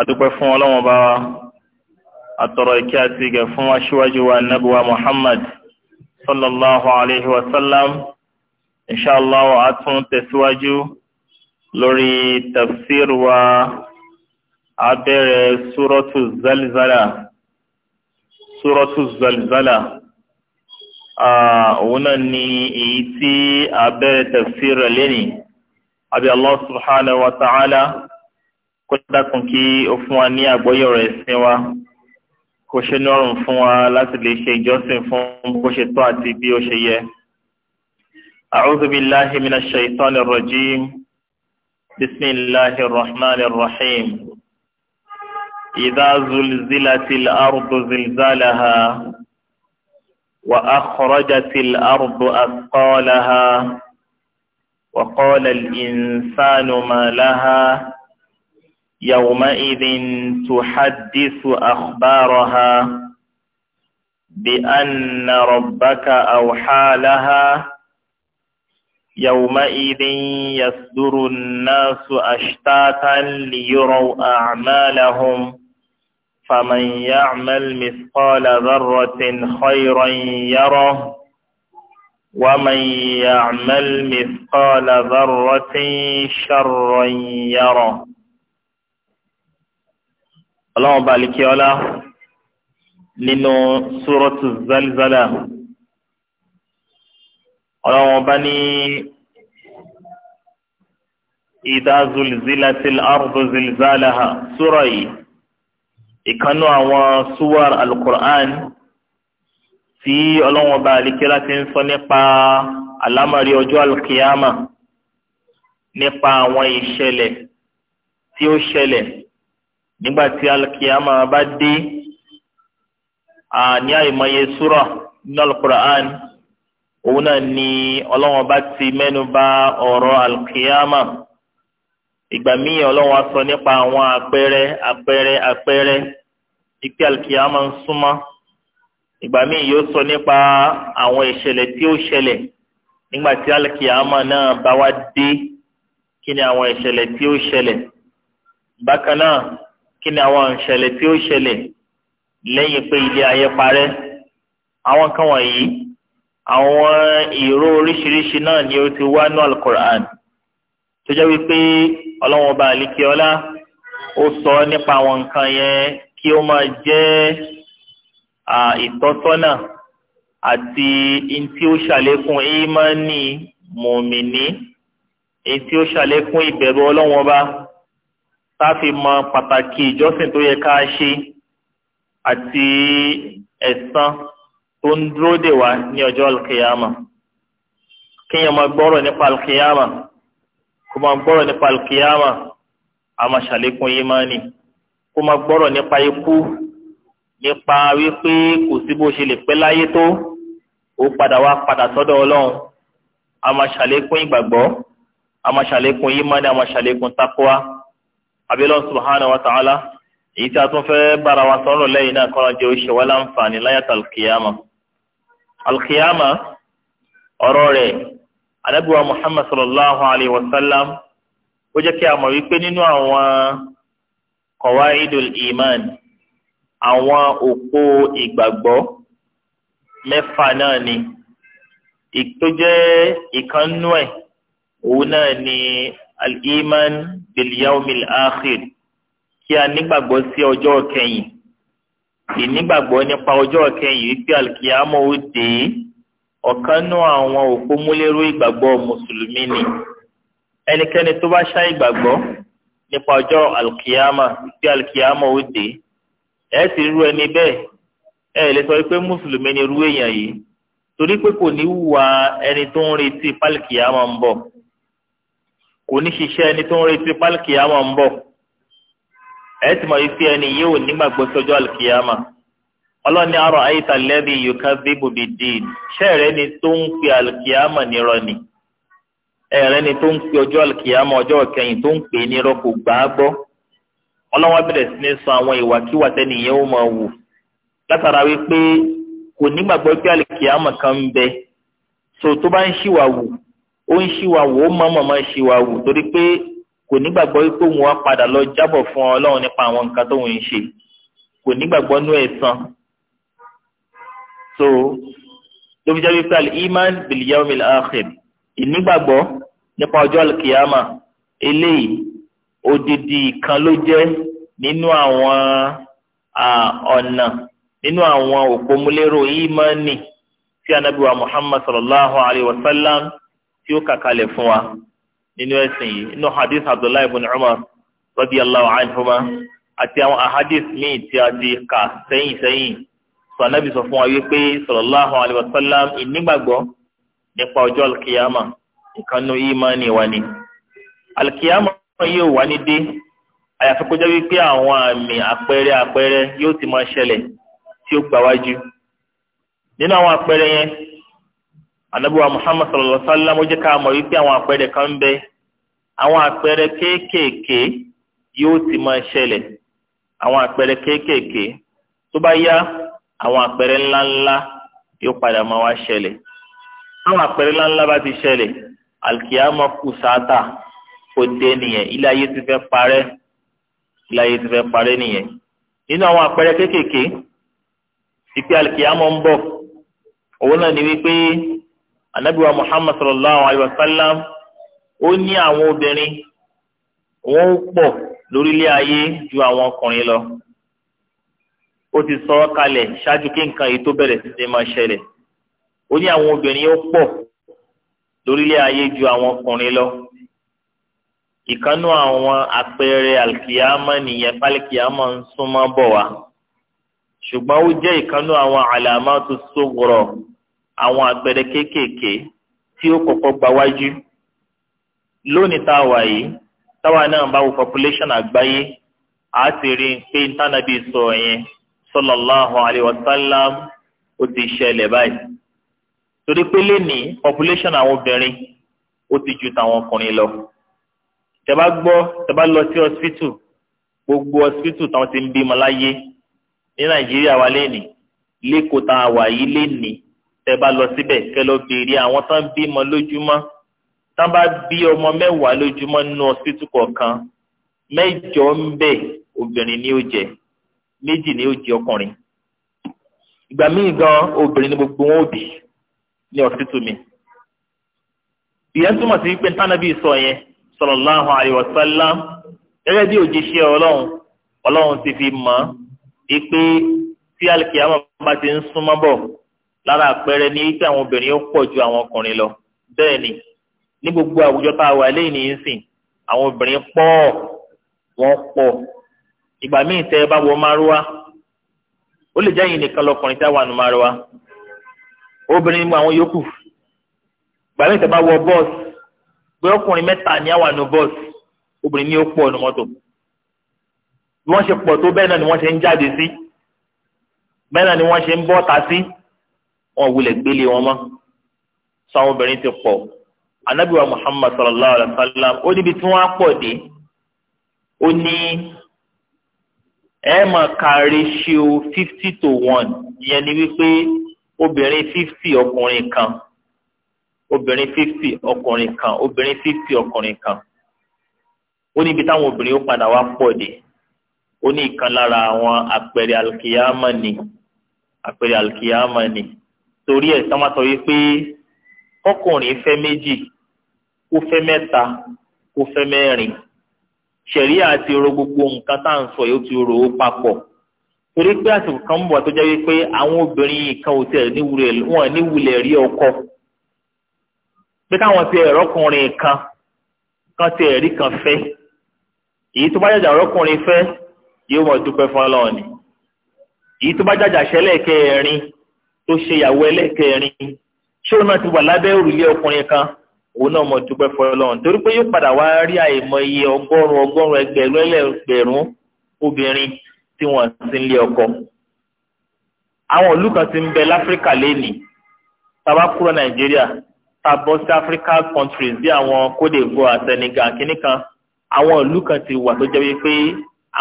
adúpẹ́ fún ọlọ́wọ́n bá wa atọ̀rọ̀ ìkẹ́ àti ìgẹ̀ fún aṣíwájú wa nabuwa muhammad sallallahu alayhi wa sallam inshallah a tún tẹ̀síwájú lórí tafsir wa a bẹ̀rẹ̀ suratu zalzala suratu zalzala òun náà ni èyí tí a tafsir rẹ̀ lẹ́ni abi allah subhanahu wa ta'ala kó dákun kí ó fún wa ní àgbọ́yé ọ̀rọ̀ ẹ̀sìn wa kó ṣe ní ọrùn fún wa láti lè ṣe ìjọsìn fún bó ṣe tọ́ àti bí ó ṣe yẹ. A'udhu billahi minash shaitani rrajim. Bismillahir rahmanir rahim. Idha zulzilatil ardu zilzalaha wa akhrajatil ardu athqalaha wa qala al-insanu ma laha يومئذ تحدث أخبارها بأن ربك أوحى لها يومئذ يصدر الناس أشتاتا ليروا أعمالهم فمن يعمل مثقال ذرة خيرا يره ومن يعمل مثقال ذرة شرا يره ọlọ́wọ́n bá lè kí ọlá nínú súrọ́tù zálzálà ọlọ́wọ́n bá ní ìdá zulzilatil ardu zilzalaha súrọ̀ yìí ìkànnú àwọn súwar alukur'an tí ọlọ́wọ́n bá lè kí ọlá ti ń sọ nípa àlámọ̀rí ọjọ́ alukiyama nípa àwọn ìṣẹ̀lẹ̀ tí ó ṣẹlẹ̀ nígbà tí alikiyama bá dé ní àyèmáyé súrà nínú alukur'an òun náà ni ọlọ́wọ́n bá ti mẹ́nu bà ọ̀rọ̀ alikiyama ìgbà míì ọlọ́wọ́n á sọ nípa àwọn àpẹẹrẹ àpẹẹrẹ àpẹẹrẹ ìpè alikiyama ń súnmọ́ ìgbà míì yóò sọ nípa àwọn ìṣẹ̀lẹ̀ tí ó ṣẹlẹ̀ nígbà tí alikiyama náà bá wá dé kí ni àwọn ìṣẹ̀lẹ̀ tí ó ṣẹlẹ̀ bákan náà kí ni àwọn ìṣẹ̀lẹ̀ tí ó ṣẹlẹ̀ lẹ́yìn pé ilé ayé parẹ́ àwọn kan wọ̀nyí àwọn ìró oríṣiríṣi náà ni ó ti wá ní alukur'an tó jẹ́ wípé ọlọ́wọ́n ọba àlìkíọ́lá ó sọ nípa àwọn nǹkan yẹn kí ó máa jẹ́ ìtọ́sọ́nà àti ntí ó ṣàlékún ìmánì mùmìnì ntí ó ṣàlékún ìbẹ̀rù ọlọ́wọ́n ọba tá a fi mọ pàtàkì ìjọsìn tó yẹ ká ṣe àti ẹ̀san tó ń dúró dè wá ní ọjọ́ alkiyama kéèyàn máa gbọ́rọ̀ nípa alkiyama kó máa gbọ́rọ̀ nípa alkiyama a máa ṣàlékún ìmánì kó máa gbọ́rọ̀ nípa ikú nípa wípé kò sí bó ṣe lè pẹ́ láyé tó ó padà wá padà sọ́dọ̀ ọlọ́run a máa ṣàlékún ìgbàgbọ́ a máa ṣàlékún ìmánì a máa ṣàlékún tákúwá abilọ subhanahu wa ta'ala èyí tí a tún fẹ́ bára wa sọ̀rọ̀ lẹ́yìn náà kọ́ra jẹ́ oṣù wa láǹfààní láyàtọ̀ alkiyama alkiyama ọ̀rọ̀ rẹ̀ anabiwa muhammad sallallahu alayhi wa sallam ó jẹ́ kí a mọ̀ wípé nínú àwọn qawaidul iman àwọn òpó ìgbàgbọ́ mẹ́fà náà ni tó ìkànnú ẹ̀ òun náà ni al-iman bil-yawmil akhir kí a nígbàgbọ́ sí ọjọ́ kẹyìn ìnígbàgbọ́ nípa ọjọ́ kẹyìn wípé alkiyama ó dé ọ̀kan nú àwọn òpó múlẹ́rú ìgbàgbọ́ mùsùlùmí ni ẹnikẹ́ni tó bá ṣá ìgbàgbọ́ nípa ọjọ́ alkiyama wípé alkiyama ó dé ẹ sì rú ẹni bẹ́ẹ̀ ẹ lè sọ pé mùsùlùmí ni irú èèyàn yìí torí pé kò ní wùwà ẹni tó ń retí pálíkìyàmọ ń bọ̀ kò ní ṣiṣẹ́ ẹni tó ń retí pálíkìyàmọ̀ ń bọ̀ ẹ ti mọ̀ ife ẹni yìí ò nígbàgbọ́ sọ́jọ́ àlùkìyàmọ̀ ọlọ́ni àrò àyíta lẹ́bi yòókà bíbù bíi dín ṣẹ́ẹ̀rẹ́ ni tó ń pe àlùkìyàmọ̀ nírọ̀ ni ẹ̀rẹ́ ni tó ń pe ọjọ́ àlùkìyàmọ̀ ọjọ́ kẹyìn tó ń pè é nírọ̀ kò gbà á gbọ́ ọlọ́wọ́n bẹ̀rẹ̀ sí ní sọ àwọn ìwàkiwà tẹ́nìyẹn ó máa wù látara wípé kò nígbàgbọ́ pé àlùkìyàmọ̀ kan ń bẹ so tó bá ń ṣìwà wù ó ń ṣìwà wò ó mọ̀ mọ̀ ṣìwà wò torí pé kò nígbàgbọ́ pé òun wá padà lọ jábọ̀ fún ọlọ́run nípa àwọn nǹkan tóun ń ṣe kò nígbàgbọ́ nú ẹ̀san so lóbi jẹ́ wípé al-iman bil yawm al-akhir ìnígbàgbọ́ nípa ọjọ́ al-kiyama eléyìí odidi kan ló jẹ́ nínú àwọn ọ̀nà nínú àwọn òpómúlérò ìmánì tí anabiwa muhammad sallallahu alayhi wa sallam tí ó kàkalẹ̀ fún wa nínú ẹ̀sìn yìí nínú hadith abdullahi ibn umar radiyallahu anhuma àti àwọn ahadith míì tí a ti kà sẹ́yìn sẹ́yìn sọ̀nàbì sọ fún wa wípé sallallahu alayhi wa sallam ìnígbàgbọ́ nípa ọjọ́ alkiyama ìkànnù ìmánì wa ni alkiyama yóò wá ní dé àyàfi kó jẹ́ wípé àwọn àmì àpẹẹrẹ àpẹẹrẹ yóò ti máa ṣẹlẹ̀ tí ó gbà wájú nínú àwọn àpẹẹrẹ yẹn anabiwa muhammad sallallahu alaihi wa sallam ó jẹ́ ká mọ̀ wípé àwọn àpẹẹrẹ kan ń bẹ àwọn àpẹẹrẹ kéékèèké yóò ti máa ṣẹlẹ̀ àwọn àpẹẹrẹ kéékèèké tó bá yá àwọn àpẹẹrẹ ńláńlá yóò padà máa wá ṣẹlẹ̀ àwọn àpẹẹrẹ ńláńlá bá ti ṣẹlẹ̀ alikiyama kù sáátà kò dé nìyẹn ilé ayé ti fẹ́ parẹ́ ilé ayé ti fẹ́ parẹ́ nìyẹn nínú àwọn àpẹẹrẹ kéékèèké ìpè alikiyama ń bọ̀ òun náà ni wípé anabiwa muhammad sallallahu alayhi wa sallam ó ní àwọn obìnrin wọn ó pọ̀ lórílẹ̀ ayé ju àwọn ọkùnrin lọ ó ti sọ ọ́ kalẹ̀ ṣáájú kí nǹkan yìí tó bẹ̀rẹ̀ sí máa ṣẹlẹ̀ ó ní àwọn obìnrin ó pọ̀ lórílẹ̀ ayé ju àwọn ọkùnrin lọ ìkánú àwọn àpẹẹrẹ alkiyama nìyẹn pálíkiyama ń súnmọ́ bọ̀ wá ṣùgbọ́n ó jẹ́ ìkánú àwọn àlàmá tó sógorọ̀ àwọn àgbẹ̀rẹ̀ kéékèèké tí ó kọ́kọ́ gba wájú lónìí tá yìí táwa náà bá wo population àgbáyé a ti rí i pé ntànàbí sọ yẹn sallallahu alayhi wa sallam ó ti ṣẹlẹ̀ báyìí torí pé lẹ́nìí population àwọn obìnrin ó ti ju tàwọn ọkùnrin lọ tẹ́bá gbọ́ tẹ́bá lọ sí hospital gbogbo hospital táwọn ti ń bímọ láyé ní nàìjíríà wa lẹ́nìí lẹ́kọ̀ọ́ tá a wà yìí lẹ́nìí tẹ́ bá lọ síbẹ̀ kẹ́ lọ béèrè àwọn tán bímọ lójúmọ́ tán bá bí ọmọ mẹ́wàá lójúmọ́ nínú ọsítù kọ̀ọ̀kan mẹ́jọ ń bẹ obìnrin ni ó jẹ méjì ni ó jẹ ọkùnrin ìgbà míì gan obìnrin ni gbogbo wọn ò bí ní ọsítù mi ìyẹn túmọ̀ sí pé tánàbí sọ yẹn sallallahu alaihi wasallam gẹ́gẹ́ bí òjíṣẹ́ ọlọ́run ọlọ́run ti fi mọ̀ ẹ́ pé tí alìkìyàmọ̀ bá ti ń súnmọ́ bọ̀ lára àpẹẹrẹ ní wípé àwọn obìnrin ó pọ̀ ju àwọn ọkùnrin lọ bẹ́ẹ̀ ni ní gbogbo àwùjọ tá a wà lẹ́yìn nìyí sìn àwọn obìnrin pọ̀ wọ́n pọ̀ ìgbà míì tẹ́ ẹ bá wọ márúwá ó lè jẹ́ yìí nìkan lọkùnrin tá a wà nù márúwá obìnrin ni àwọn yòókù ìgbà míì tẹ́ bá wọ bọ́ọ̀sì pé ọkùnrin mẹ́ta ni àwọn àna bọ́ọ̀sì obìnrin ni ó pọ̀ nù mọ́tò bí wọ́n ṣe pọ̀ tó bẹ́ẹ̀ náà ni wọ́n ṣe ń jáde sí bẹ́ẹ̀ náà ni wọ́n ṣe ń bọ́ta sí wọn wulẹ̀ gbélé wọn mọ́ sáwọn obìnrin ti pọ̀ anabiwa muhammad sallallahu alaihi wa sallam ó níbi tí wọ́n á pọ̀ dé ó ní ẹ máa ka ratio fifty to one ìyẹn ni wípé obìnrin fifty ọkùnrin kan obìnrin fifty ọkùnrin kan obìnrin fifty ọkùnrin kan ó níbi táwọn obìnrin ó padà wá pọ̀ dé ó ní ìkan lára àwọn àpẹẹrẹ alkiyama ni àpẹẹrẹ alkiyama ni torí ẹ̀ sọ́mà sọ yìí pé kọkùnrin fẹ́ méjì kó fẹ́ mẹ́ta kó fẹ́ mẹ́rin ṣẹ̀rí àti ro gbogbo nǹkan tá à ń sọ yìí ó ti rò ó papọ̀ torí pé àsìkò kan ń bọ̀ tó jẹ́ wípé àwọn obìnrin kan ò tẹ̀ wọ́n níwulẹ̀ rí ọkọ pé káwọn ti ẹ̀rọ ọkùnrin kan kan ti ẹ̀rí kan fẹ́ èyí tó bá jàjà ọ̀rọ̀kùnrin fẹ́ yóò mọ̀ dúpẹ́ fún èyí tó bá jàjà ṣẹlẹ̀ kẹrin tó ṣe ìyàwó ẹlẹ́kẹrin ṣé òun náà ti wà lábẹ́ òrùlé ọkùnrin kan òun náà mọ̀ dúpẹ́ fọlọ́run torí pé yóò padà wá rí àìmọye ọgọ́rùn ọgọ́rùn ẹgbẹ̀rún ẹlẹ́gbẹ̀rún obìnrin tí wọ́n ti ń lé ọkọ. àwọn ìlú kan ti ń bẹ láfíríkà lẹ́nìí tàbá kúrò nàìjíríà tàbọ̀ sí african countries bí àwọn Côte d'Ivoire Senegal kínní kan àwọn ìlú kan ti wà tó jẹ́ wípé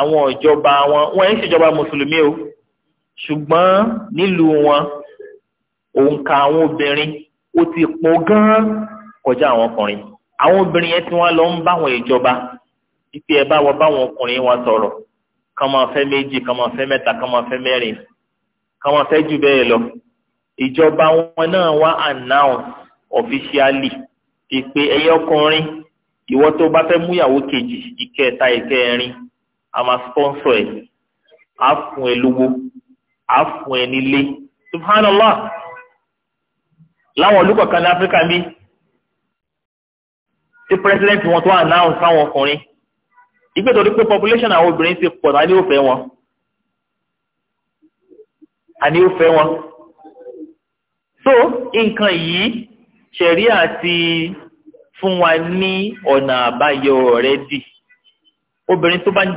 àwọn ìjọba wọn wọ́n ń ṣèjọba mùsùlùmí o ṣùgbọ́n nílùú wọn òǹkà àwọn obìnrin ó ti pọ̀ gan-an kọjá àwọn ọkùnrin àwọn obìnrin yẹn tí wọ́n lọ ń báwọn ìjọba ipe ẹ bá wọ báwọn ọkùnrin wa sọ̀rọ̀ kàn máa fẹ́ méjì kàn máa fẹ́ mẹ́ta kàn máa fẹ́ mẹ́rin kàn máa fẹ́ jù bẹ́ẹ̀ lọ ìjọba wọn náà wá announce officially ìpè ẹyẹ ọkùnrin ìwọ tó bá fẹ́ múyàwó kejì ìkẹta ìkẹrin a máa sponsor ẹ á fún ẹ lówó á fún ẹ nílé subhanallah láwọn olùkọ̀kan ní áfíríkà bí tí president wọn tó announce fáwọn ọkùnrin ìgbé torí pé population àwọn obìnrin ti pọ̀ náà ní òfẹ́ wọn àní òfẹ́ wọn so nǹkan yìí ṣẹ̀rí àti fún wa ní ọ̀nà àbáyọ rẹ̀ dì obìnrin tó bá ń